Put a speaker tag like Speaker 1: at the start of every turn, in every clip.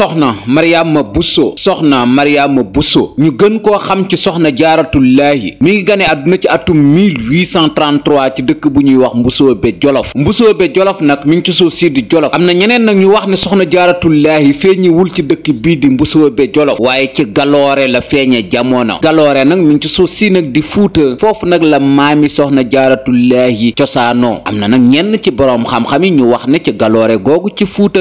Speaker 1: soxna Mariama Bousso soxna Mariama Bousso ñu gën koo xam ci soxna jaaratullaahi mi ngi gane àdduna ci atum 1833 ci dëkk bu ñuy wax Mbusoobe Jolof Mbusoobe Jolof nag mi ngi ci suuf si di Jolof am na ñeneen nag ñu wax ne soxna jaaratullaahi feeñewul ci dëkk bii di Mbusoobe Jolof waaye ci galoore la feeñe jamono galoore nag mi ngi ci suuf si nag di fuuta foofu nag la maami soxna jaaratullaahi cosaanoo am na nag ñenn ci borom xam-xam yi ñu wax ne ci galoore googu ci fuuta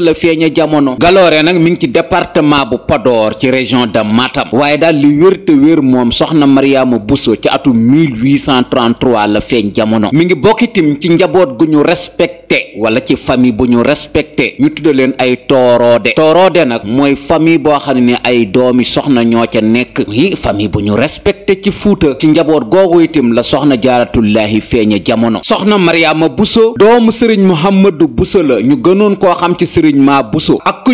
Speaker 1: département bu Podor ci région de Matam waaye daal li wér te wér moom soxna Mariama Bousso ci atum 1833 la feeñ jamono mi ngi bokkitim ci njaboot gu ñu respecté wala ci famille bu ñu respecté ñu tudde leen ay tooroode tooroode nag mooy famille boo xam ne ay doomi soxna ñoo ca nekk yi famille bu ñu respecté ci Fuuta ci njaboot googu itam la soxna jaaratullaahi feeñe jamono soxna Mariama Bousso doomu sëriñ Muhammadu Bousso la ñu gënoon koo xam ci sëriñ Ma Bousso ak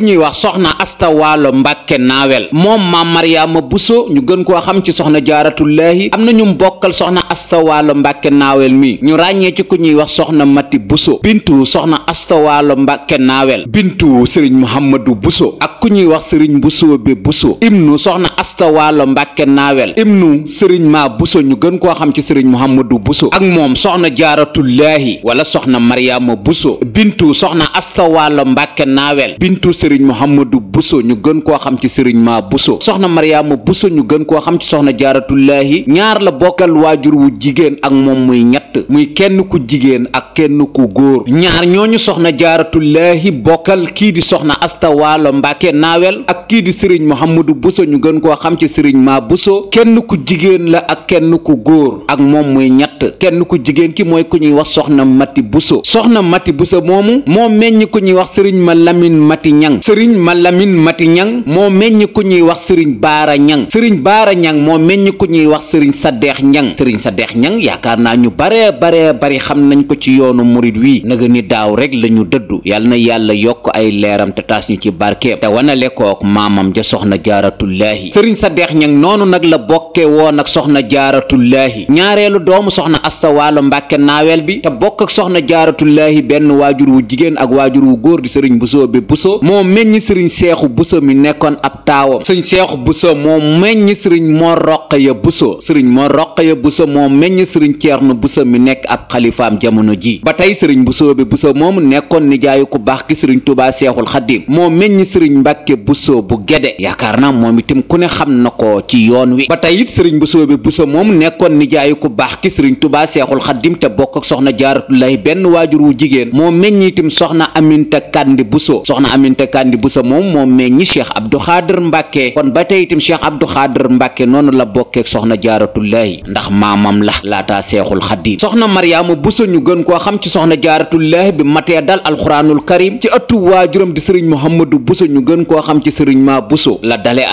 Speaker 1: soxna asta mbàkke naawel moom ma maryaama buso ñu gën koo xam ci soxna jaaratullaahi am na ñu mbokkal soxna asta waalo mbàkke naawel mi ñu ràññee ci ku ñuy wax soxna mati buso bintu soxna asta waalo mbàkke naawel bintu sëriñ muhammadu buso ku ñuy wax sëriñ Bousso bi Bousso ibnu soxna Asta Waalo Mbàkke naawel ibnu sëriñ maa Bousso ñu gën koo xam ci sëriñ Mouhamadou Bousso ak moom soxna jaaratullaahi wala soxna Mariama Bousso bintu soxna Asta Waalo Mbàkke naawel bintu sëriñ Mouhamadou Bousso ñu gën koo xam ci sëriñ maa Bousso soxna Mariama Bousso ñu gën koo xam ci soxna jaaratullaahi ñaar la bokkal waajur wu jigéen ak moom muy ñett muy kenn ku jigéen ak kenn ku góor ñaar ñooñu soxna soxna Asta naawel ak kii di sëriñ Mouhamadou Bousso ñu gën koo xam ci sëriñ Ma Bousso kenn ku jigéen la ak kenn ku góor ak moom muy ñett kenn ku jigéen ki mooy ku ñuy wax soxna Mati Bousso soxna Mati Bousso moomu moo meññ ku ñuy wax sëriñ Ma Lamine Mati Ñang sëriñ Ma Lamine Mati Ñang moo meññ ku ñuy wax sëriñ Baara Ñang sëriñ Baara Ñang moo meññ ku ñuy wax sëriñ dex Ñang sëriñ dex Ñang yaakaar naa ñu bare bare bari xam nañ ko ci yoonu murit wi naga ni daaw rek lañu dëddu yàlla na yàlla yokk ay leeram te ci barkeem wanale kook maamam ja soxna jaaratullaahi sëriñ sa deex ñang noonu nag la bokke woon ak soxna jaaratullaahi ñaareelu doomu soxna asta waalo mbàkke naaweel bi te bokk ak soxna jaaratullaahi benn waajur wu jigéen ak waajur wu góor di sëriñ busoo bi buso moo meññi sëriñ seexu buso mi nekkoon ab taawam sëriñ seexu buso moo meññi sëriñ moo roq ya buso sëriñ moo roq ya buso moo meññi sëriñ na buso mi nekk ab xalifaam jamono ji ba tey sëriñ busoo bi buso moomu nekkoon nijaayu ku baax ki sëriñ tubaa seexul xaddiim moo meññi mbàkke buso bu gede yaakaar naa moom itam ku ne xam na ko ci yoon wi ba tey it sëriñ buso bi buso moom nekkoon nijaayu ku baax ki sëriñ tubaa seexul xaddim te bokk ak soxna jaaratulaay benn waajur wu jigéen moo meññ itam soxna aminta kandi buso soxna aminta kandi buso moom moo meññi cheikh abdou xaadir mbàkke kon ba tey itam cheikh abdou xaadir mbàkke noonu la bokkeek soxna jaaratulaay ndax maamam la laataa seexul xaddim soxna mariama buso ñu gën koo xam ci soxna jaaratulaay bi matee dal alxuraanul karim ci ëttu waajuram di sëriñ muhammadu buso ñu gën gën koo xam ci sëriñ maa buso la dale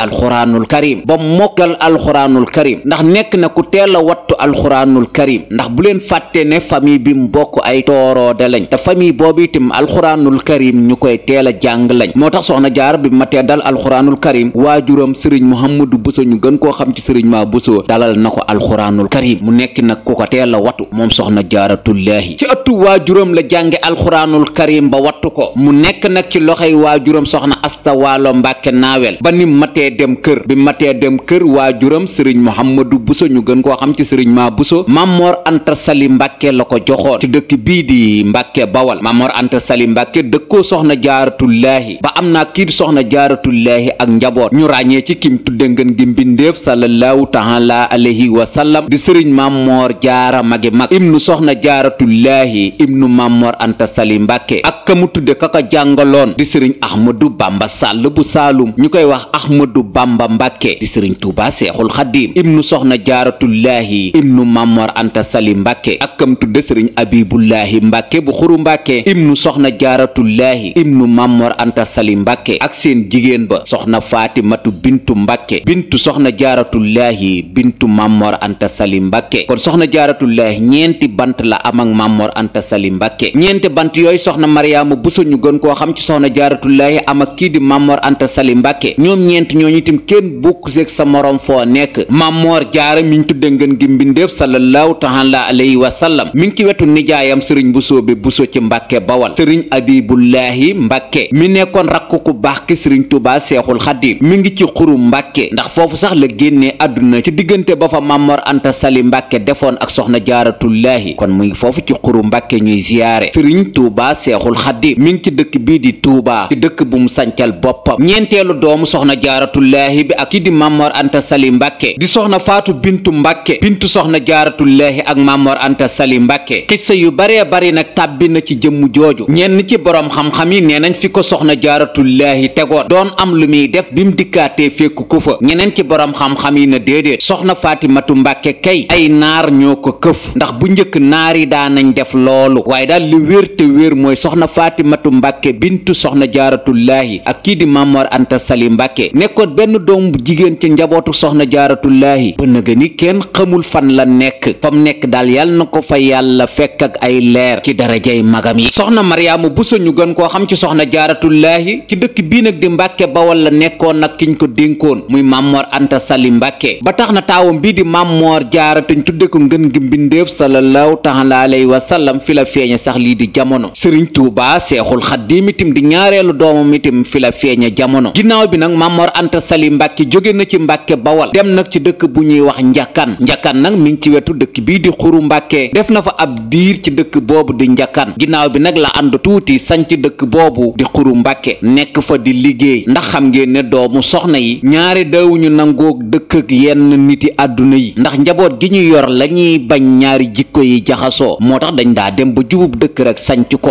Speaker 1: mokkal alxuraanul karim ndax nekk na ku teel a wattu alxuraanul karim ndax bu leen fàtte ne famille bi mu bokk ay tooroode lañ te famille boobu itam alxuraanul karim ñu koy teel a jàng lañ moo tax soxna jaar bi matee dal alxuraanul karim waajuram sëriñ muhammadu buso ñu gën koo xam ci sëriñ maa buso dalal na ko alxuraanul karim mu nekk nag ku ko teel a wattu moom soxna jaaratullaahi ci ëttu waajuram la jànge alxuraanul karim ba wattu ko mu nekk nag ci loxoy waajuram soxna asta sa waalo mbàkke naawel ba ni matee dem kër bi matee dem kër waajuram sëriñ mohamadu buso ñu gën koo xam ci sëriñ maa buso mamoor anta sali mbàkke la ko joxoon ci dëkk bii di mbàkke bawal mammoor anta sali mbàkke dëkkoo soxna jaaratullaahi ba am na kii soxna jaaratullaahi ak njaboot ñu ràññee ci kim tudde ngeen gi mbindeef sallallahu taala alayhi wa sallam di sëriñ mammoor jaara magi mag ibnu soxna jaaratullaahi ibnu mammoor anta sali mbàkke ak mu tudde jàngaloon di sëriñ ahmadu bamba Sall bu Saalum ñu koy wax Ahmadou Bamba Mbàkke di Sëriñ Tuuba Seexul Xaddiim ibnu soxna jaaratullaahi ibnu Mamor Anta Sali Mbàkke ak kam tudde Sëriñ Abibullaahi Mbàkke bu Xuru Mbàkke ibnu soxna jaaratullaahi ibnu Mamor Anta Sali Mbàkke ak seen jigéen ba soxna Faatimatu bintu Mbàkke bintu soxna jaaratullaahi bintu Mamor Anta Sali Mbàkke kon soxna jaaratullaahi ñeenti bant la am ak Anta Sali Mbàkke ñeenti bant yooyu soxna Mariyaama Buso ñu gën koo xam ci soxna jaaratullaahi am ak Mamor Anta Sali Mbàkke ñoom ñeent ñooñu itam kenn bokk seeg sa morom foo nekk Mamor Jaara mi ñu tudde ngeen gi mbindeef sallallahu taala alayhi wa sallam mi ngi ci wetu nijaayam sëriñ Busoobe Buso ci Mbàkke Bawal sëriñ mi nekkoon rakk ku baax ki sëriñ Tuubaa Seexul Xadiim mi ngi ci xuru Mbàkke ndax foofu sax la génnee àdduna ci diggante ba fa Mamor Anta Sali Mbàkke defoon ak soxna Jaaratullaahi kon mu ngi foofu ci xuru Mbàkke ñuy ziyaare sëriñ Tuubaa Seexul Xadiim mi ngi ci dëkk bii di Tuubaa ci dëkk bu mu sancal boppam ñeenteelu doomu soxna jaaratullaahi bi ak ki di mamor anta sali mbàkke di soxna faatu bintu mbàkke bintu soxna jaaratullaahi ak mamor anta sali mbàkke xissa yu baree bari nag tàbbi na ci jëmm jooju ñenn ci boroom xam-xam yi ne nañ fi ko soxna jaaratullaahi tegoon doon am lu muy def bi mu dikkaatee fekku ko fa ñeneen ci boroom xam-xam yi na déedéet soxna faati matu mbàkke kay ay naar ñoo ko këf ndax bu njëkk naar yi nañ def loolu waaye daal li mooy soxna faatimatu mbàkke bintu soxna jaaratullaahi kii di Mamor Anta Sali Mbàkke nekkoon benn doom bu jigéen ci njabootu soxna jaaratullaahi ba nëga ni kenn xamul fan la nekk fam nekk daal yàlla na ko fa yàlla fekk ak ay leer ci darajay magam yi soxna Mariama Buso ñu gën koo xam ci soxna jaaratullaahi ci dëkk bii nag di Mbàkke Bawol la nekkoon nag kiñ ko dénkoon muy Mamor Anta Sali Mbàkke ba tax na taawam bii di Mamor jaaratuñ tudde ko ngën gi mbindéef sallallahu taala alayhi wa sallam fi la feeñe sax lii di jamono Sëriñ Tuubaa feeña jamono ginnaaw bi nag Mamor Anta Sali Mbàkke jóge na ci Mbàkke Bawal dem nag ci dëkk bu ñuy wax njàkkan njàkkan nag mi ngi ci wetu dëkk bii di xuru Mbàkke def na fa ab diir ci dëkk boobu di njàkkan ginnaaw bi nag la ànd tuuti sanc dëkk boobu di xuru Mbàkke nekk fa di liggéey ndax xam ngeen ne doomu soxna yi ñaari daawuñu nangoog dëkk ak yenn niti àdduna yi ndax njaboot gi ñu yor lañuy bañ ñaari jikko yi jaxasoo moo tax dañ daa dem ba jubub dëkk rek sanc ko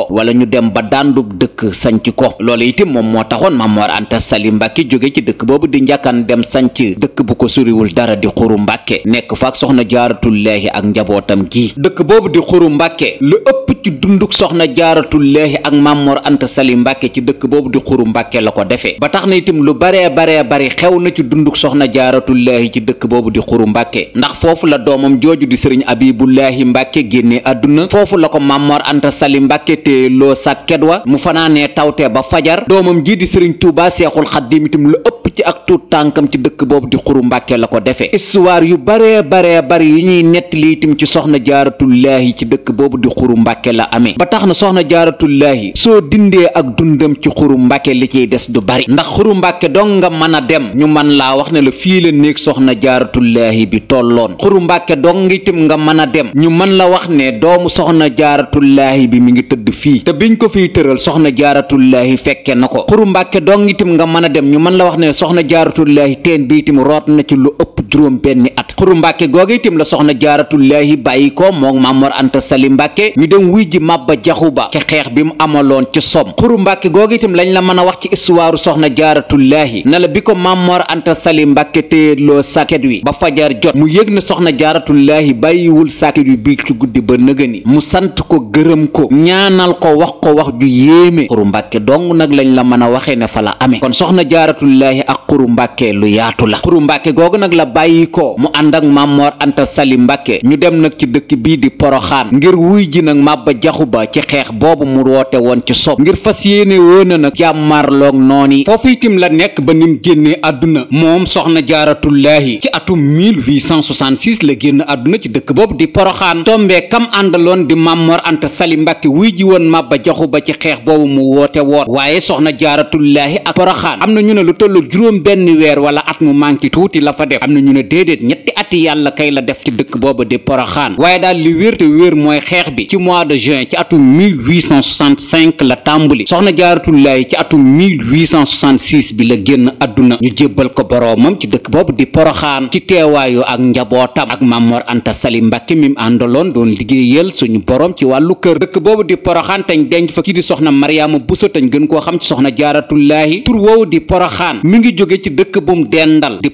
Speaker 1: Mamor Anta Sali Mbàkke jóge ci dëkk boobu di njàkkan dem sanc dëkk bu ko suriwul dara di xuru mbakke nekk faak soxna jaaratullaahi ak njabootam gi dëkk boobu di xuru Mbàkke lu ëpp ci dunduk soxna jaaratullaahi ak Mamor Anta Sali Mbàkke ci dëkk boobu di xuru Mbàkke la ko defee ba tax na itam lu baree baree bari xew na ci dunduk soxna jaaratullaahi ci dëkk boobu di xuru Mbàkke ndax foofu la doomam jooju di sëriñ Abibullaahi Mbàkke génnee àdduna foofu la ko Mamor Anta Sali Mbàkke te loo sàkket wa mu fanaanee tawte ba fajar doomam ji di sëriñ Touba Seexul Xaddim itam lu ëpp ci ak tuut tànkam ci dëkk boobu di xuru Mbàkke la ko defe histoire yu baree baree bari yi ñuy nettali itam ci soxna jaaratullaahi ci dëkk boobu di xuru Mbàkke la amee ba tax na soxna jaaratullaahi soo dindee ak dundam ci xuru Mbàkke li ciy des du bari ndax xuru Mbàkke dong nga mën a dem ñu mën laa wax ne la fii la néeg soxna jaaratullaahi bi tolloon xuru Mbàkke dong itam nga mën a dem ñu mën la wax ne doomu soxna jaaratullaahi bi mi ngi tëdd fii te biñ ko fiy tëral soxna jaaratullaahi fekke na ko mbàkke dong itam nga mën a dem ñu man la wax ne soxna jaaratullaahi teen bi itam root na ci lu ëpp juróom benni at xuru mbàkke googe itam la soxna jaaratullaahi bàyyi ko moom mamor anta sali mbàkke ñu dem wuy ji màbba jaxu ba ci xeex bi mu amaloon ci som xuru mbàkke googe itam lañ la mën a wax ci istuwaaru soxna jaaratullaahi na la bi ko mamor anta sali mbàkke téyeloo sàkket wi ba fajar jot mu yëg ne soxna jaaratullaahi bàyyiwul sàkket wi bii ci guddi ba nëgëni mu sant ko gërëm ko ñaanal ko wax ko wax ju yéeme xuru mbàkke dong nag lañ la mën a waxee ne fa la amee kon soxna jaaratullaahi ak xuru mbàkke lu yaatu la xuru mbàkke googu nag la bàyyi ko mu ànd ànd ak sali mbàkke ñu dem nag ci dëkk bii di poroxaan ngir wuy ji nag màbba jaxu ba ci xeex boobu mu woote woon ci sob ngir fas yéene woon nag jàmmarloog nooni foofu itim la nekk ba nim génnee àdduna moom soxna jaaratullaahi ci atum 1866 la génn àdduna ci dëkk boobu di poroxaan tombee kam àndaloon di mammoor anta sali mbàkke wuy ji woon màbba jaxu ba ci xeex boobu mu woote woon waaye soxna jaaratullaahi ak poroxaan am na ñu ne lu tollu juróom benn weer wala at mu manki tuuti la fa def am na ñu ne déedéet ñetti ñetti ati yàlla kay la def ci dëkk booba di poroxaan waaye daal li wér te wér mooy xeex bi ci mois de juin ci atum 1865 la tàmbali soxna jaaratullaay ci atum 1866 bi la génn àdduna ñu jébbal ko boroomam ci dëkk boobu di poroxaan ci teewaayu ak njabootam ak Mamor Anta Sali Mbàkke mi mu àndaloon doon liggéeyal suñu borom ci wàllu kër dëkk boobu di poroxaan teñ denc fa kii di soxna Mariama Buso teñ gën koo xam ci soxna jaaratullaahi tur woowu di poroxaan mi ngi jóge ci dëkk bu mu dendal di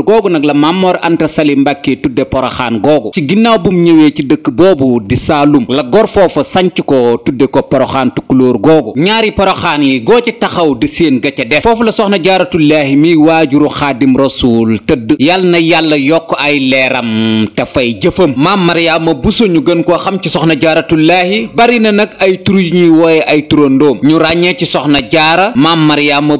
Speaker 1: kër googu nag la Mamor Anta Sali Mbàkke tudde poroxaan googu ci ginnaaw bu mu ñëwee ci dëkk boobu di Saalum la gor foofa sanc ko tudde ko poroxaan tukkulóor googu ñaari poroxaan yi goo ci taxaw di seen ga ca def foofu la soxna jaaratullaahi mi waajuru xaadim rasuul tëdd yal na yàlla yokk ay leeram te fay jëfam maam Mariama Buso ñu gën koo xam ci soxna jaaratullaahi bari na nag ay tur yu ñuy wooye ay turandoom ñu ràññee ci soxna jaara maam Mariama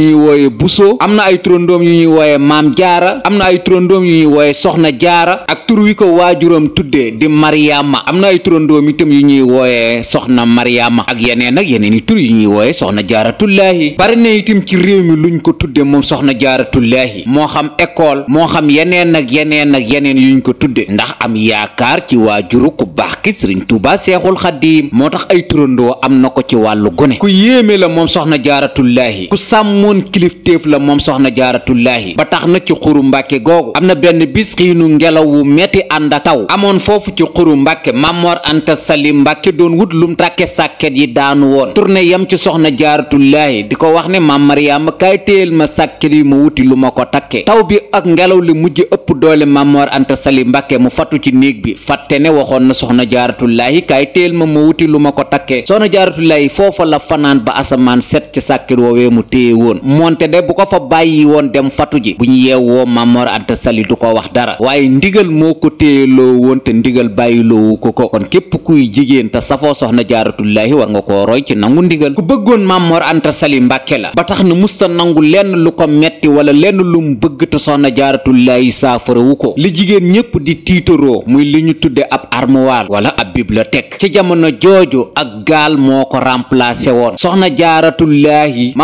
Speaker 1: ñuy wooye Bousso am na ay turandoom yu ñuy wooye Maam Jaara am na ay turandoom yu ñuy wooye Soxna Jaara ak tur wi ko waajuram tuddee di Mariama am na ay turandoom itam yu ñuy wooye Soxna Mariama ak yeneen ak yeneen i tur yu ñuy wooye Soxna Jaaratullaahi bari na itam ci réew mi luñ ko tudde moom Soxna Jaaratullaahi moo xam école moo xam yeneen ak yeneen ak yuñ ko tudde ndax am yaakaar ci waajuru ku baax ki Sëriñ Tuubaa Seexul Xadiim moo tax ay turandoo am na ko ci wàllu gone ku yéeme la moom Soxna Jaaratullaahi ku sàmm amoon kilifteef la moom soxna jaaratullaahi ba tax na ci xuru mbàkke googu am na benn bis xiinu ngelaw wu metti ànd a taw amoon foofu ci xuru mbàkke mamor anta sali mbàkke doon wut lum tàkke sàkket yi daanu woon tourné yam ci soxna jaaratullaahi di ko wax ne ma mariama kaay téyel ma sàkket yi ma wuti lu ma ko takke taw bi ak ngelaw li mujj ëpp doole mamor anta sali mbàkke mu fattu ci néeg bi fàtte ne waxoon na soxna jaaratullaahi kaay téyel ma ma lu ma ko takke soxna moonte de bu ko fa bàyyi woon dem fatu ji bu ñu yeewoo Mamor Anta Sali du ko wax dara waaye ndigal moo ko téyeloo woon te ndigal bàyyiloowu ko ko kon képp kuy jigéen te safoo soxna jaaratullaahi war nga koo roy ci nangu ndigal ku bëggoon Mamor Anta Sali Mbàkke la ba tax na musta nangu lenn lu ko metti wala lenn lu mu bëgg te soxna jaaratullaahi saafarawu ko li jigéen ñépp di tiitaroo muy li ñu tudde ab armoire wala ab bibliothèque ci jamono jooju ak gaal moo ko remplacé woon soxna jaaratullaahi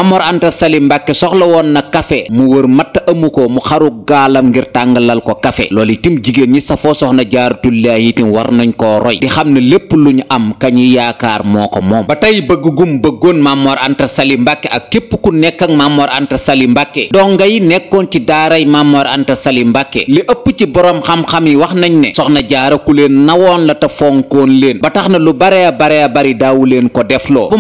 Speaker 1: mbàkke soxla woon na kafe mu wër matt amu ko mu xaru gaalam ngir tàngalal ko kafe loolu itam jigéen ñi safoo soxna jaaratullaahi itam war nañ koo roy di xam ne lépp lu ñu am kañu yaakaar moo ko moom ba tey bëgg gum bëggoon Mamor Anta Sali Mbàkke ak képp ku nekk ak Mamor Anta Sali Mbàkke donga yi nekkoon ci daaray Mamor Anta Sali Mbàkke li ëpp ci boroom xam-xam yi wax nañ ne soxna jaara ku leen nawoon la te fonkoon leen ba tax na lu bare bare bari daawu leen ko defloo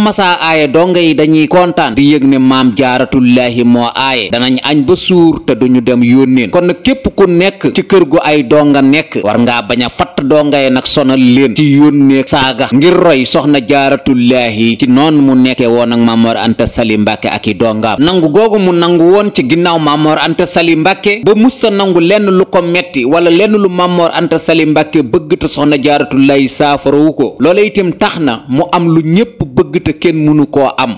Speaker 1: rahmatullahi moo aaye danañ añ ba suur te duñu dem yónneen kon na képp ku nekk ci kër gu ay donga nekk war ngaa bañ a fatt donga ye nag sonal leen ci yónnee saaga ngir roy soxna jaaratullaahi ci noonu mu nekke woon ak Mamor Anta Sali Mbàkke ak i dongaam nangu googu mu nangu woon ci ginnaaw Mamor Anta Sali Mbàkke ba musta nangu lenn lu ko metti wala lenn lu Mamor Anta Sali Mbàkke bëgg te soxna jaaratullaahi saafarawu ko loola itam tax na mu am lu ñépp bëgg te kenn am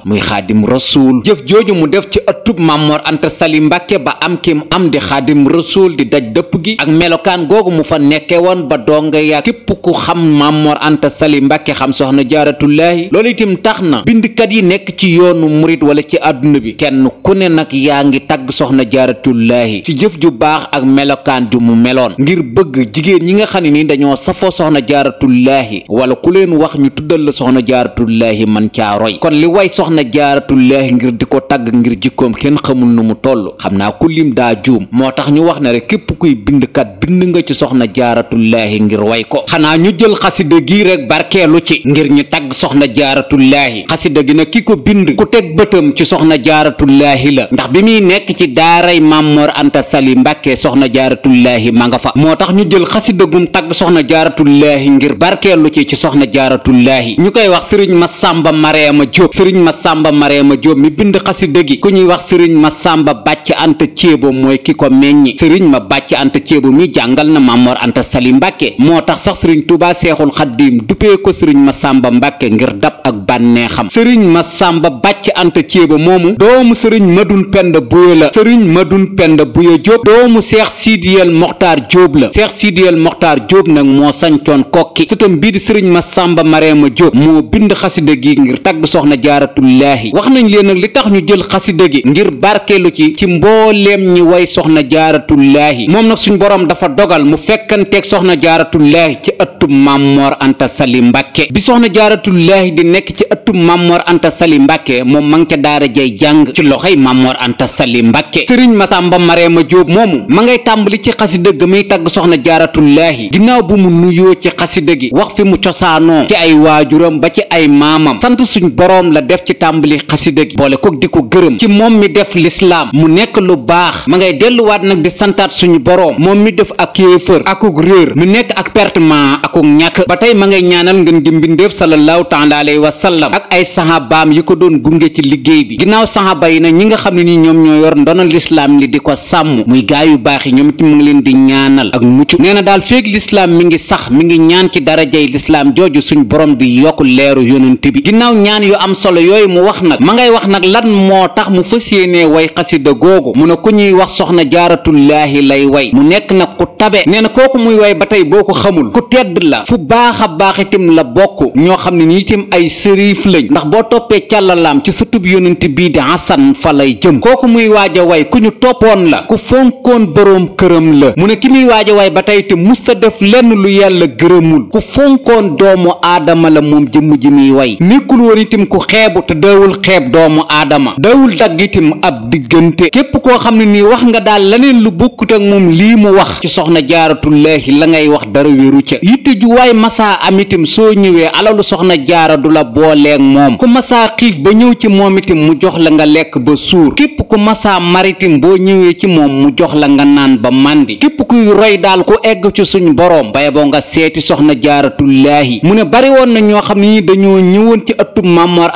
Speaker 1: nag ci ëttub Mamor Anta Sali Mbàkke ba am kim am di xaadim rasuul di daj dëpp gi ak melokaan googu mu fa nekke woon ba donga ya képp ku xam Mamor Anta Sali Mbàkke xam soxna jaaratullaahi loolu itam tax na bindkat yi nekk ci yoonu murit wala ci àdduna bi kenn ku ne nag yaa ngi tàgg soxna jaaratullaahi ci jëf ju baax ak melokaan ju mu meloon ngir bëgg jigéen ñi nga xam ne nii dañoo safoo soxna jaaratullaahi wala ku leen wax ñu tuddal la soxna jaaratullaahi man caa roy kon li way di ko tagg ngir jikkoom kenn xamul na mu toll xam naa ku lim daa juum moo tax ñu wax na rek képp kuy bind kat bind nga ci soxna jaaratullaahi ngir way ko xanaa ñu jël xasida gi rek barkeelu ci ngir ñu tagg soxna jaaratullaahi xasida gi na ki ko bind ku teg bëtam ci soxna jaaratullaahi la ndax bi muy nekk ci daaray Mamor Anta Sali Mbàkke soxna jaaratullaahi ma nga fa moo tax ñu jël xasida gum tagg soxna jaaratullaahi ngir barkeelu ci ci soxna jaaratullaahi ñu koy wax sëriñ gi ku ñuy wax sëriñ ma sàmba bàcc anta ceebo mooy ki ko meññi sëriñ ma bàcc anta ceebo mi jàngal na mamor anta sali mbàkke moo tax sax sëriñ tuubaa seexul xaddiim dupee ko sëriñ ma sàmba mbàkke ngir dab ak bànneexam sëriñ ma sàmba bàcc anta ceebo moomu doomu sëriñ madun penda buya la sëriñ madun penda buya jóob doomu seex siidiyel moxtaar jóob la seex siidiyel moxtaar jóob nag moo sancoon kokki sëtam bii di sëriñ ma sàmba mareema jóob moo bind xasida gi tagg soxna jaaratullaahi xasida gi ngir barkeelu ci ci mbooleem ñi way soxna jaaratullaahi moom nag suñ boroom dafa dogal mu fekkanteeg soxna jaaratullaahi ci ëttub Mamor Anta Sali Mbàkke bi soxna jaaratullaahi di nekk ci ëttub Mamor Anta Sali Mbàkke moom ma ca daara jay jàng ci loxo Mamor Anta Sali Mbàkke sëriñ Masamba ma Jóob moomu ma ngay tàmbali ci xasida gi muy tagg soxna jaaratullaahi ginnaaw bu mu nuyoo ci xasida gi wax fi mu cosaanoo ci ay waajuram ba ci ay maamam sant suñ boroom la def ci tàmbali xasida gi boole ko di ko gërëm ci moom mi def lislaam mu nekk lu baax ma ngay delluwaat nag di santaat suñu boroom moom mi def ak kéefër akuk réer mu nekk ak pertement akuk ñàkk ba tey ma ngay ñaanal ngeen gi mbindeef sallallahu taala alayhi wa sallam ak ay sahabaam yi ko doon gunge ci liggéey bi ginnaaw sahaba yi nag ñi nga xam ne ni ñoom ñoo yor ndono lislaam li di ko sàmm muy gaay yu baax yi ñoom ci mu ngi leen di ñaanal ak mucc nee na daal feeg lislaam mi ngi sax mi ngi ñaan ci darajay lislaam jooju suñu borom di yokk leeru yonent bi ginnaaw ñaan yu am solo yooyu mu wax nag ma ngay wax nag lan moo tax tax mu fas yéenee way xasida googu mu ne ku ñuy wax soxna jaaratullaahi lay way mu nekk nag ku tabe nee na kooku muy way ba tey boo ko xamul ku tedd la fu baax a baax itam la bokk ñoo xam ne nii itam ay sëriif lañ ndax boo toppee càllalaam ci sutub yonent bii di Hasan fa lay jëm kooku muy waaj a way ku ñu toppoon la ku fonkoon boroom këram la mu ne ki muy waaj a way ba tey te musta def lenn lu yàlla gërëmul ku fonkoon doomu aadama la moom jëmm ji muy way nekkul woon xeeb doomu aadama dagg itam diggante képp koo xam ne nii wax nga daal laneen lu bokkut ak moom lii mu wax ci soxna jaaratullaahi la ngay wax dara wéru ca yitte ju waay masaa am itam soo ñëwee alalu soxna jaara du la booleeg moom ku masaa xiif ba ñëw ci moom itam mu jox la nga lekk ba suur képp ku masaa maritim boo ñëwee ci moom mu jox la nga naan ba màndi képp kuy roy daal ku egg ci suñu borom bay boo nga seeti soxna jaaratullaahi mu ne bari woon na ñoo xam ne ni dañoo ñëwoon ci ëttub Maam Mor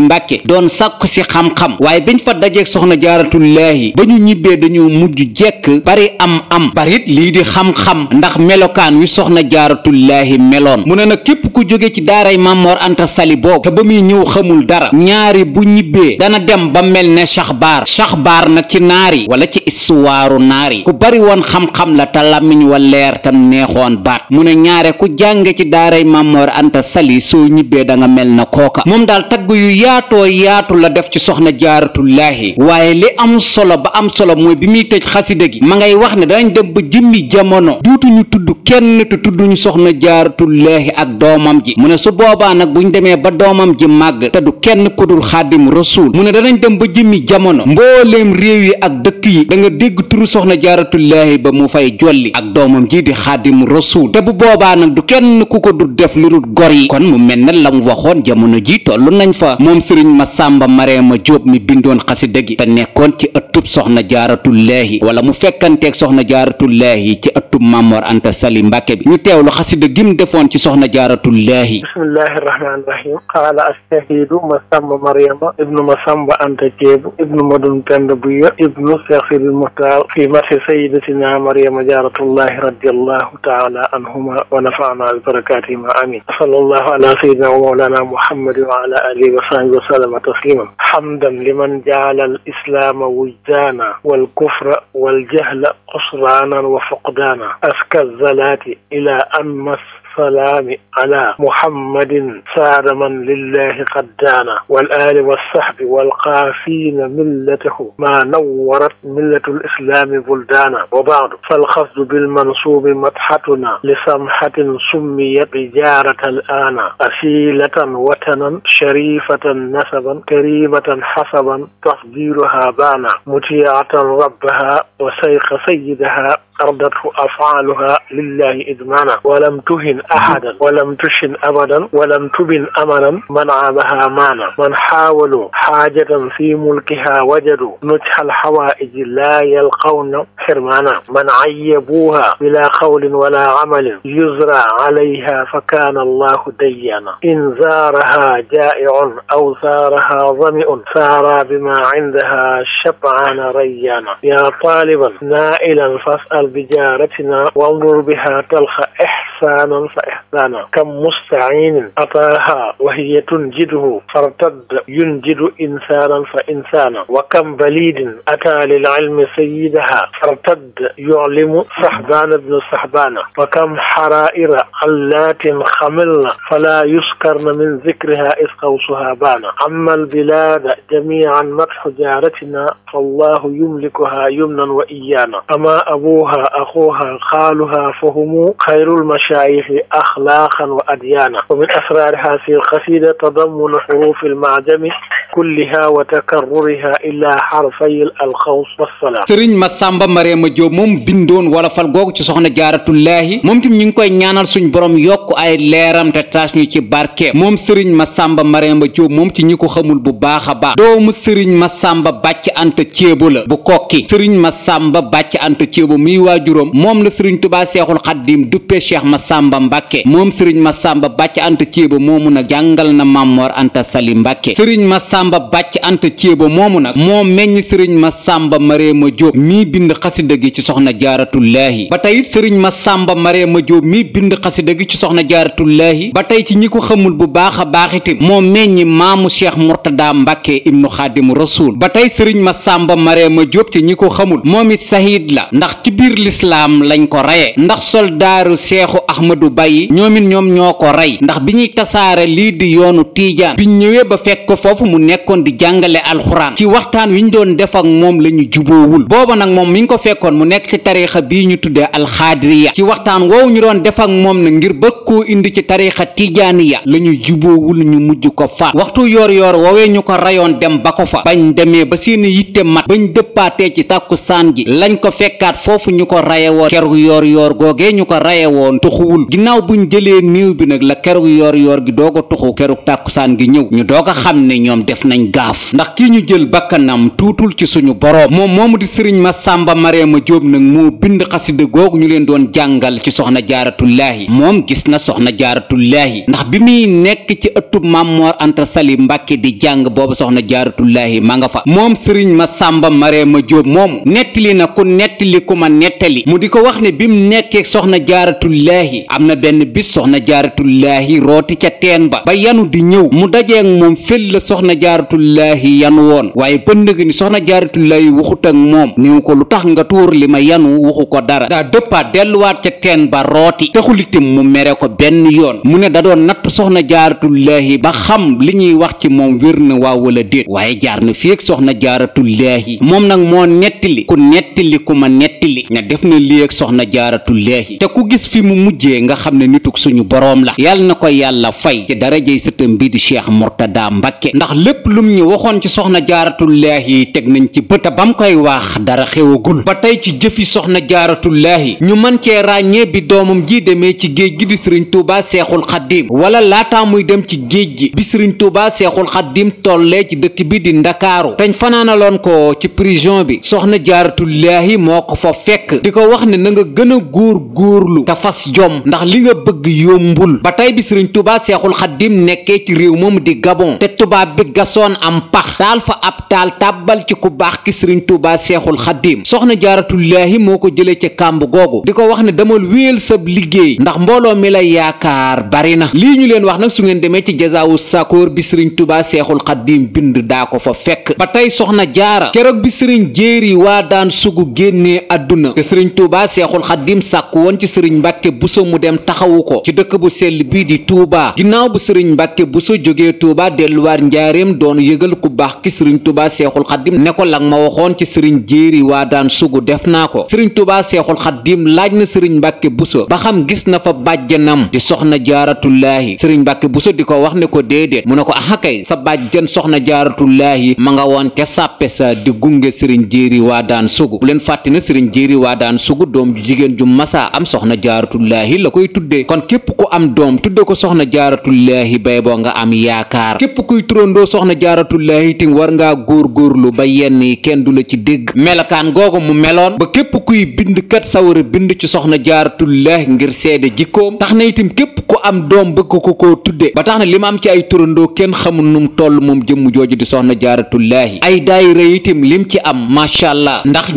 Speaker 1: Mbàkke doon sàkku si xam-xam waaye bañ fa dajeeg soxna jaaratullaahi ba ñu ñibbee dañoo mujj jekk bari am am barit lii di xam-xam ndax melokaan wi soxna jaaratullaahi meloon mu ne nag képp ku jóge ci daaray Mamor Anta Sali boobu ba muy ñëw xamul dara ñaari bu ñibbee dana dem ba mel ne Saxbaar Saxbaar nag ci naari wala ci istuwaaru naari ku bari woon xam-xam la te làmmiñ wa leer te neexoon baat mu ne ñaare ku jànge ci daaray Mamor Anta Sali soo ñibbee da mel na kooka moom daal tagg yu yaatoo yaatu la def ci soxna jaar xadratullaahi waaye li am solo ba am solo mooy bi muy tëj xasida gi ma ngay wax ne danañ dem ba jëmmi jamono duutuñu tudd kenn te tudduñu soxna jaaratullaahi ak doomam ji mu ne su boobaa nag ñu demee ba doomam ji màgg te du kenn ku dul xaadim rasuul mu ne danañ dem ba jëmmi jamono mbooleem réew yi ak dëkk yi danga dégg turu soxna jaaratullaahi ba mu fay jolli ak doomam ji di xaadim rasuul te bu boobaa nag du kenn ku ko du def lu dul gor yi kon mu mel bindoon xasida gi te nekkoon ci ëttub soxna jaaratullaahi wala mu fekkanteeg soxna jaaratullaahi ci ëttub Mamor Anta Sali Mbàkke bi ñu teewlu xasida gim defoon ci soxna jaaratullaahi
Speaker 2: bismillahi rahmaani rahim qaala astahidu masamba mariama ibnu masamba anta jeebu ibnu madun pend bu yo ibnu sexsiril muxtaar fi marsi sayidatina mariama jaaratullaahi radiallahu taala anhuma wa nafaana bi barakatihima amin sallallahu ala sayidina wa mawlana muhammadin wa ala alihi wa sahbihi wa sallama tasliman hamdan liman jaala al islaama wujdaana wal kufra wal jahla xusraanan wa fuqdaana aska zalaati ila an mas والسلام على محمد سار من لله قد دانا والآل والصحب والقافين ملته ما نورت ملة الإسلام بلدانا وبعد فالقصد بالمنصوب مدحتنا لسمحة سميت بجارة الآن أسيلة وتنا شريفة نسبا كريمة حسبا تفضيلها بانا مطيعة ربها وسيق سيدها ardathu afaaluha lillahi idmana walam tuhin ahadan walam tushin abadan walam tubin amanan man aamaha maana man xaawalu xaajatan fi mulkiha wajadu nujhal xawaaiji laa yalqawna xirmaana man ayyabuuha bila qawlin wala amalin yuzra alayha fa kaana allahu dayyana in zaaraha jaaicun aw zaaraha damiun saara bima cindaha shabcaana rayyaana yaa taaliban naailan fasal البجارة ناء وانظر بها تلخ إحدى إحسانا فإحسانا كم مستعين أتاها وهي تنجده فارتد ينجد إنسانا فإنسانا وكم بليد أتى للعلم سيدها فارتد يعلم صحبان ابن صحبان وكم حرائر اللات خملن فلا يسكرن من ذكرها إذ قوسها بان أما البلاد جميعا مدح جارتنا فالله يملكها يمنا وإيانا أما أبوها أخوها خالها فهم خير المشاهد المشايخ أخلاقا وأديانا ومن أسرارها في القصيدة تضمن حروف المعجم كلها وتكررها إلا حرفي القوس والسلام sëriñ
Speaker 1: Masamba Mariama Diop moom bindoon wala fal googu ci soxna jaaratullaahi moom tim ñu ngi koy ñaanal suñ borom yokk ay leeram te taas ñu ci barke moom sëriñ Masamba Mariama Diop moom ci ñi ko xamul bu baaxa a baax doomu sëriñ Masamba Bàcc Anta Ceebo la bu kokki sëriñ Masamba Bàcc Anta Ceebo muy waajuróom moom la sëriñ Tubaa Seexul Xaddiim duppee Cheikh Masamba Mbàkke moom sëriñ Masamba Bàcc Anta Ceeba moomu nag jàngal na Mamor Anta Sali Mbàkke sëriñ Masamba Bàcc Anta Ceeba moomu nag moo meññ sëriñ Masamba Mareema Jóob mii bind xasida gi ci soxna jaaratullaahi ba tey sëriñ Masamba Mareema Jóob mii bind xasida gi ci soxna jaaratullaahi ba tey ci ñi ko xamul bu baax a baax itam moo meññi maamu Cheikh Murtada Mbàkke ibnu Xaadimu Rasuul ba tey sëriñ ma Masamba Mareema Jóob ci ñi ko xamul moom it sahid la ndax ci biir lislaam lañ ko reye ndax soldaaru seexu ahmadu bàyyi ñoomit ñoom ñoo ko rey ndax bi ñuy tasaare lii di yoonu tiijaan biñ ñëwee ba fekk ko foofu mu nekkoon di jàngale alxuraan ci waxtaan wi ñu doon def ak moom la ñu juboowul booba nag moom mi ngi ko fekkoon mu nekk ci tariixa bii ñu tuddee alxaadiriya ci waxtaan woowu ñu doon def ak moom na ngir bëgg koo indi ci tariixa tijaaniya la ñu juboowul ñu mujj ko faat waxtu yoor yoor woowee ñu ko reyoon dem ba ko fa bañ demee ba seeni yitte mat bañ dëppaatee ci tàkkusaan gi lañ ko fekkaat foofu ñu tuxuwul ginnaaw buñ jëlee niiw bi nag la kerug yoor yoor gi doog a tuxu kerug tàkkusaan gi ñëw ñu doog a xam ne ñoom def nañ gaaf ndax kii ñu jël bakkanam tuutul ci suñu boroom moom moomu di sëriñ Masamba ma Jóob nag moo bind xasida googu ñu leen doon jàngal ci soxna jaaratullaahi moom gis na soxna jaaratullaahi ndax bi muy nekk ci ëttub Mamor Anta Sali Mbàkke di jàng boobu soxna jaaratullaahi ma nga fa moom sëriñ ma Marema Jóob ma nettali mu di ko wax ne laahi am na benn bis soxna jaaratullaahi rooti ca teen ba ba yanu di ñëw mu dajeeg moom fel la soxna jaaratullaahi yanu woon waaye bënd gi ni soxna jaaratullaahi waxut ak moom niw ko lu tax nga tuur li ma yanu wuxu ko dara daa dëppaat delluwaat ca teen ba rooti taxul itam mu mere ko benn yoon mu ne da doon natt soxna jaaratullaahi ba xam li ñuy wax ci moom wér na waaw wala déet waaye jaar na fii soxna jaaratullaahi moom nag moo nettali ku nettali ku ma ñetti li ne def na lii ak soxna jaaratullaahi te ku gis fi mu mujjee nga xam ne nituk suñu boroom la yàlla na ko yàlla fay ci darajey sëtam bi di cheikh murtada mbàkke ndax lépp mu ñu waxoon ci soxna jaaratullaahi teg nañ ci bëta bam koy wax dara xewagul ba tey ci jëfi soxna jaaratullaahi ñu man cee ràññee bi doomam ji demee ci géej gi di sëriñ tuuba seexul xaddim wala laataa muy dem ci géej gi bi sëriñ tuuba seexul xaddim tollee ci dëkk bi di fa fekk di ko wax ne na nga gën a góor góorlu te fas jom ndax li nga bëgg yombul ba tey bi sëriñ tubaa seexul xaddim nekkee ci réew moom di gabon te tubaab bi gasoon am pax taal fa ab taal tàbbal ci ku baax ki sëriñ tubaa seexul xaddim soxna jaaratullaahi moo ko jëlee ca kàmb googu di ko wax ne damal wéel sab liggéey ndax mbooloo mi la yaakaar bari na lii ñu leen wax nag su ngeen demee ci jazaawu sakoor bi sëriñ tubaa seexul xaddim bind daa ko fa àdduna te sëriñ tuuba seexul xaddim sàkku woon ci sëriñ mbàkke buso mu dem taxawu ko ci dëkk bu sell bii di tuuba ginnaaw bu sëriñ mbàkke buso jógee tuuba delluwaat njaareem doon yëgal ku baax ki sëriñ tuuba seexul xaddim ne ko lang ma waxoon ci sëriñ jéeri waa daan sugu def naa ko sëriñ tuuba seexul xaddim laaj na sëriñ mbàkke buso ba xam gis na fa bàjjanam di soxna jaaratullaahi sëriñ mbàkke buso di ko wax ne ko déedéet mu ne ko axakay sa bàjjan soxna jaaratullaahi ma nga woon waa daan sugu doom ju jigéen ju masaa am soxna jaaratullaahi la koy tuddee kon képp ku am doom tudde ko soxna jaaratullaahi bay boo nga am yaakaar képp kuy turandoo soxna jaaratullaahi tim war ngaa góor góorgóorlu ba yenn yi kenn du la ci dégg melokaan googu mu meloon ba képp kuy bind kat sawara bind ci soxna jaaratullaahi ngir seede jikkoom tax na itim képp ku am doom bëgg ko koo tudde ba tax na li ma am ci ay turandoo kenn xamul num toll moom jëmm jooju di soxna jaaratullaahi ay daayira itim lim ci am macha allah ndax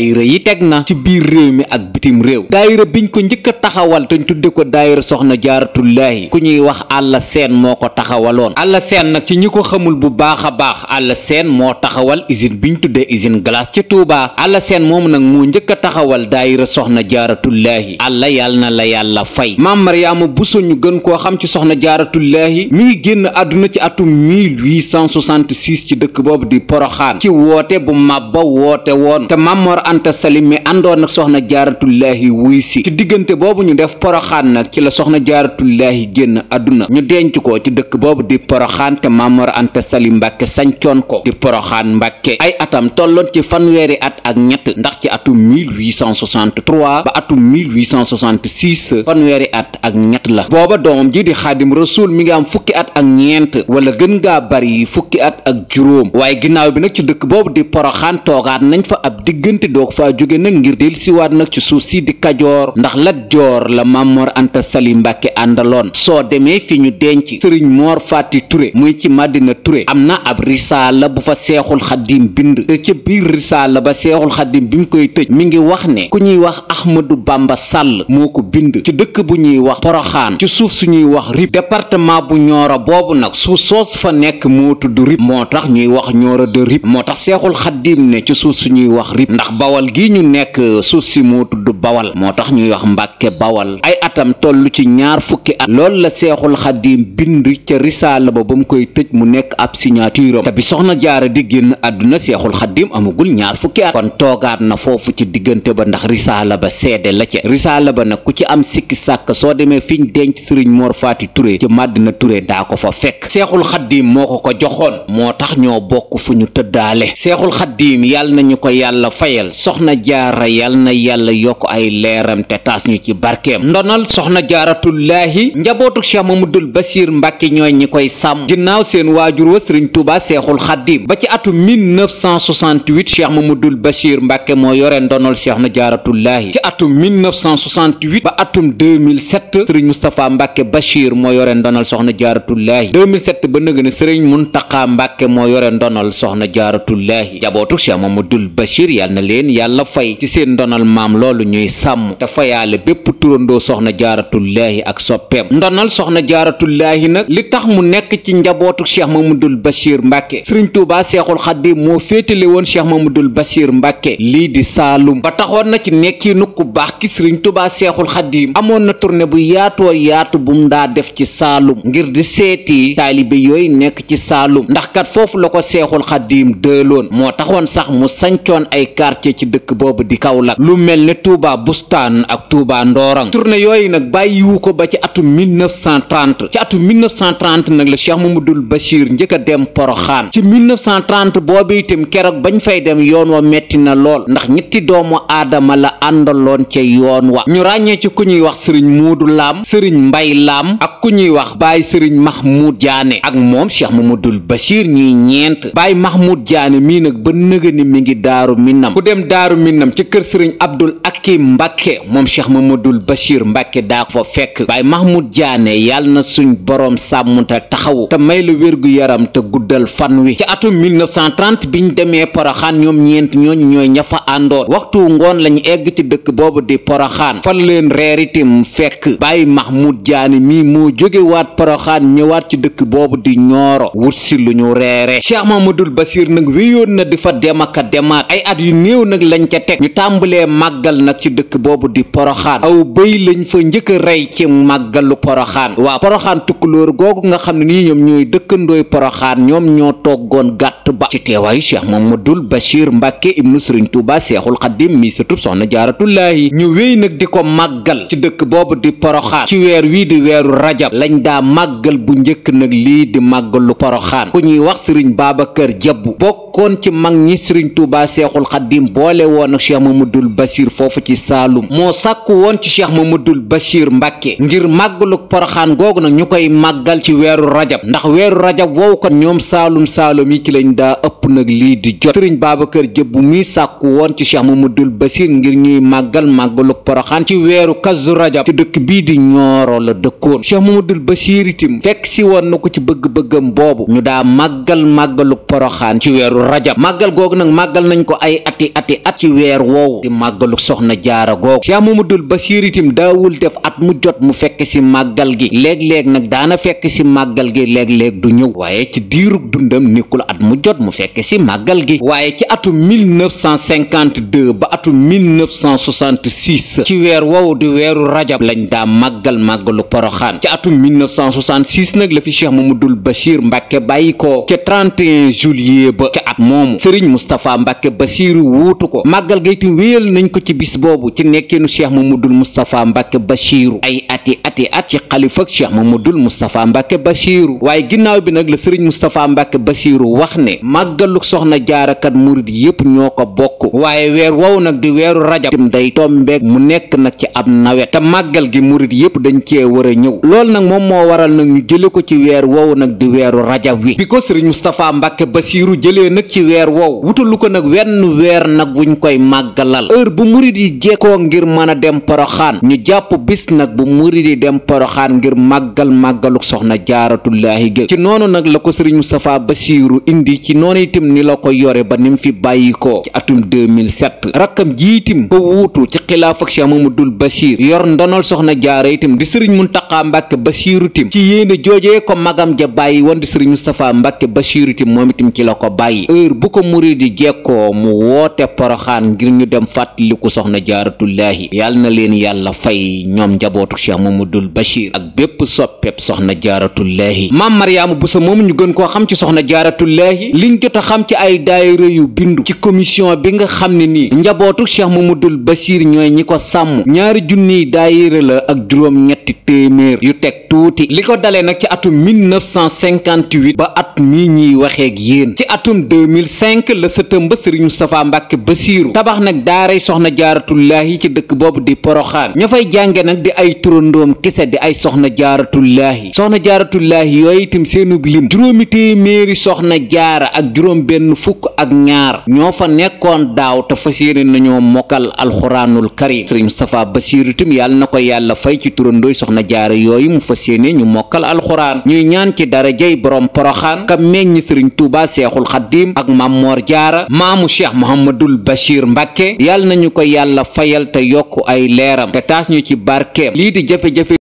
Speaker 1: daayira yi teg ci biir réew mi ak bitim réew daayira biñ ko njëkk a taxawal te ñu tudde ko daayira soxna jaaratullaahi ku ñuy wax àlla seen moo ko taxawaloon àlla seen nag ci ñi ko xamul bu baax a baax àlla seen moo taxawal usine biñ tuddee usine glace ci Touba àlla seen moomu nag moo njëkk a taxawal daayira soxna jaaratullaahi àlla yàlla na la yàlla fay maam Mariama Bousso ñu gën koo xam ci soxna jaaratullaahi mi ngi génn àdduna ci atum 1866 ci dëkk boobu di Poroxaan ci woote bu màbba woote anta sali mi àndoon ak soxna jaaratullaahi wuy si ci diggante boobu ñu def poroxaan nag ci la soxna jaaratullaahi génn àdduna ñu denc ko ci dëkk boobu di poroxaan te Mamor anta sali mbàkke sancoon ko di poroxaan mbàkke ay atam tolloon ci fanweeri at ak ñett ndax ci atum 1863 ba atum 1866 fanweeri at ak ñett la booba doomam ji di xaadim rasuul mi ngi am fukki at ak ñeent wala gën ngaa bari fukki at ak juróom waaye ginnaaw bi nag ci dëkk boobu di poroxaan toogaat nañ fa ab diggante doog fa jóge nag ngir dellusiwaat nag ci suuf si di kajoor ndax Lat Joor la Mamor Anta Sali Mbàkke àndaloon soo demee fi ñu denc sëriñ Moor Faati Ture muy ci màddina Ture am na ab risaala bu fa seexul xaddim bind te ca biir risaala ba seexul xaddim bi mu koy tëj mi ngi wax ne ku ñuy wax Ahmadu Bamba Sàll moo ko bind ci dëkk bu boobu nag suuf soos fa nekk moo tudd rip moo tax ñuy wax ñooro de moo tax seexul xaddiim ne ci suuf suñuy wax rip ndax bawal gi ñu nekk suuf si moo tudd bawal moo tax ñuy wax mbàkke bawal ay atam toll ci ñaar fukki at loolu la seexul xaddiim bind ca risaala ba ba mu koy tëj mu nekk ab signature am te bi soxna jaara di génn àdduna seexul xaddiim amagul ñaar fukki at kon toogaat na foofu ci diggante ba ndax risaala ba seede la ca risaala ba nag ku ci am sikki sàkk soo demee fiñ denc sëriñ Mor Faati Touré ci Madina Touré daa ko fa fekk seexul xaddiim moo ko ko joxoon moo tax ñoo bokk fu ñu tëddaale seexul xaddiim yàll ñu ko yàlla fayal soxna jaara yal na yàlla yokk ay leeram te taas ñu ci barkeem ndonal soxna jaaratullaahi njabootuk cheikh mamadul basiir mbàkke ñooy ñi koy sàmm ginnaaw seen waajur wa sëriñ tuuba seexul xaddiim ba ci atu 1968 cheikh mamadul basiir mbàkke moo yore ndonal soxna jaaratullaahi ci atum 1968 ba atum 2007 sëriñ mustapha mbàkke bachir moo yore ndonal soxna jaaratullaahi jaaratullaahi 2007 ba nëga ne sëriñ Muntaxa Mbàkke moo yore ndonal soxna jaaratullaahi jabootu Cheikh Mamadul Bachir yal na leen yàlla fay ci seen ndonal maam loolu ñuy sàmm te fayaale bépp turandoo soxna jaaratullaahi ak soppeem ndonal soxna jaaratullaahi nag li tax mu nekk ci njabootu Cheikh Mamadul Bachir Mbàkke sëriñ Tuubaa Seexul Xadiim moo féetale woon Cheikh Mamadul Bachir Mbàkke lii di Saalum ba taxoon na ci nekkiinu ku baax ki sëriñ Tuubaa Seexul Xadiim amoon na tournée bu yaatoo yaatu bu mu daa def ci Saalum ngir seeti taalibe yooyu nekk ci saalum ndax kat foofu la ko seexul xaddiim dëeloon moo taxoon sax mu sancoon ay quartier ci dëkk boobu di kaw Kaolack lu mel ne Touba Bustaan ak Touba Ndorong tournée yooyu nag bàyyiwu ko ba ci atum 1930 ci atum 1930 nag la Cheikh Mamadul Bachir njëkk a dem poro Poroxaan ci 1930 boobu itam keroog bañ fay dem yoon wa metti na lool ndax ñetti doomu aadama la àndaloon ca yoon wa ñu ràññee ci ku ñuy wax sëriñ Muudu Laam sëriñ Mbay Laam ak ku ñuy wax Baay Mahmoud Diané ak moom Cheikh Mamadou Bachir ñuy ñeent Baye Mahmoud Diané mii nag ba nëga mi ngi daaru Minam ku dem daaru Minam ci kër sëriñ Abdul Akim Mbàkke moom ma Cheikh dul Bachir Mbàkke daa fa fekk Baye Mahmoud Diané yal na suñ borom sàmmunta taxawu te may la wérgu yaram te guddal fan wi ci atum bi biñ demee Poroxaan ñoom ñeent ñooñu ñooy ña fa àndoon waxtu ngoon lañu egg ci dëkk boobu di Poroxaan fa leen reer itam fekk Baye Mahmoud Diané mii moo jógewaat Poroxaan ñëw delluwaat ci dëkk boobu di ñooro si lu ñu reere cheikh mamadul basir nag wéyoon na di fa dem aka demaat at yu néew nag lañ ca teg ñu tàmbalee màggal nag ci dëkk boobu di poroxaan aw bëy lañ fa njëkk a rey ci màggalu poroxaan waa poroxaan tukkulóor googu nga xam ne nii ñoom ñooy dëkkandooy poroxaan ñoom ñoo toggoon gàtt ba ci teewaayu cheikh mamadul basir mbàkke ibnu sëriñ tuuba seexul xadim mi sa tub soxna jaaratullaahi ñu wéy nag di ko màggal ci dëkk boobu di poroxaan ci weer wii di weeru rajab lañ daa màggal bu njëkk nag lii di màgg màggalu poroxaan ku ñuy wax sëriñ Babacar Jabbu bokk bokkoon ci mag ñi sëriñ tuuba seexul xaddim boole woon ak ma mamadul basir foofu ci saalum moo sàkku woon ci cheikh mamadul basir mbàkke ngir màggaluk poroxaan googu nag ñu koy màggal ci weeru rajab ndax weeru rajab woowu kon ñoom saalum saalum yi ci lañ daa ëpp nag lii di jot sëriñ babacar jëbbu muy sàkku woon ci ma mamadul basir ngir ñuy màggal màggaluk poroxaan ci weeru kazu rajab ci dëkk bii di ñooro la dëkkoon cheikh mamadul basir itim fekk si woon na ko ci bëgg-bëggam boobu ñu daa màggal màggaluk poroxaan ci weeru rajab màggal googu nag màggal nañ ko ay ati ati at ci weer woowu di màggalu soxna jaara googu cheikh mamadul basiir itam daawul def at mu jot mu fekk si màggal gi léeg-léeg nag daana fekk si màggal gi léeg-léeg du ñëw waaye ci diirug dundam nekkul at mu jot mu fekk si màggal gi waaye ci atum 1952 ba atum 1966 ci weer woowu di weeru rajab lañ daa màggal màggalu poroxaan ci atum 1966 nag la fi cheikh mamadul basiir mbàkke bàyyi ko ca 31 juillet ba at moomu sëriñ Moustapha Mbacke Basiiru wuutu ko màggal ga itam wéyal nañ ko ci bis boobu ci nekkeenu nekkinu cheikh Mamadul Moustapha Mbacke Basiiru ay ati ati at yi at ci xalifak cheikh Mamadul Moustapha Mbacke Basiiru waaye ginnaaw bi nag la sëriñ Moustapha Mbacke Basiiru wax ne màggalu soxna jaarakat murid yépp ñoo ko bokk waaye weer wow nag di weeru rajab tim day tombeeg mu nekk nag ci ab nawet te màggal gi murid yépp dañ cee war a ñëw lool nag moom moo waral nag ñu ko ci weer wow nag di weeru rajab bi nag ci weer wow wutalu ko nag wenn weer nag wuñ koy màggalal heure bu murit yi jekkoo ngir mën a dem poroxaan ñu jàpp bis nag bu murid yi dem poroxaan ngir màggal màggaluk soxna jaaratullaahi gi ci noonu nag la ko sëriñ Moustapha Bassirou indi ci noonu itam ni la ko yore ba nim fi bàyyi ko ci atum 2007 rakkam jiitim ko wuutu ci xilaaf ak Cheikh Mamadul Bassir yor ndonal soxna jaara itam di sëriñ Muntaxa Mbàkke Bassirou itam ci yéene joojee ko magam ja bàyyi woon di sëriñ Moustapha Mbàkke Bassirou itam moom itam ci la ko bàyyi heure bu ko muridi jekkoo mu woote poroxaan ngir ñu dem fàttaliku soxna jaaratullaahi yàlla na leen yàlla fay ñoom njabootu mu dul bachir ak bépp soppeb soxna jaaratullaahi maam bu sa moom ñu gën koo xam ci soxna jaaratullaahi liñ jot a xam ci ay daayira yu bindu ci commission bi nga xam ne nii njabootu cheikh mamadul bachir ñooy ñi ko sàmm ñaari junniy daayira la ak juróom ñetti téeméer yu teg tuuti li ko dalee nag ci atum 1958 ba at mii ñuy waxeeg 2005 la sëtam ba sëriñ Moustapha Mbàkke Basiiru tabax nag daaray soxna jaaratullaahi ci dëkk boobu di poroxaan ña fay jànge nag di ay turandoom kese di ay soxna jaaratullaahi soxna jaaratullaahi yooyu itam seenub lim juróomi téeméeri soxna jaara ak juróom benn fukk ak ñaar ñoo fa nekkoon daaw te fa yéene nañoo mokkal alxuraanul karim sëriñ Moustapha Basiiru itam yàlla na ko yàlla fay ci turandooy soxna jaara yooyu mu fas yéene ñu mokkal alxuraan ñuy ñaan Xaadim ak Maam Moor Jaara maamu cheikh Muhammadul Bachir Mbàkke yàlla nañu ko yàlla fayal te yokk ay leeram te taas ñu ci barkeem lii di jafe-jafe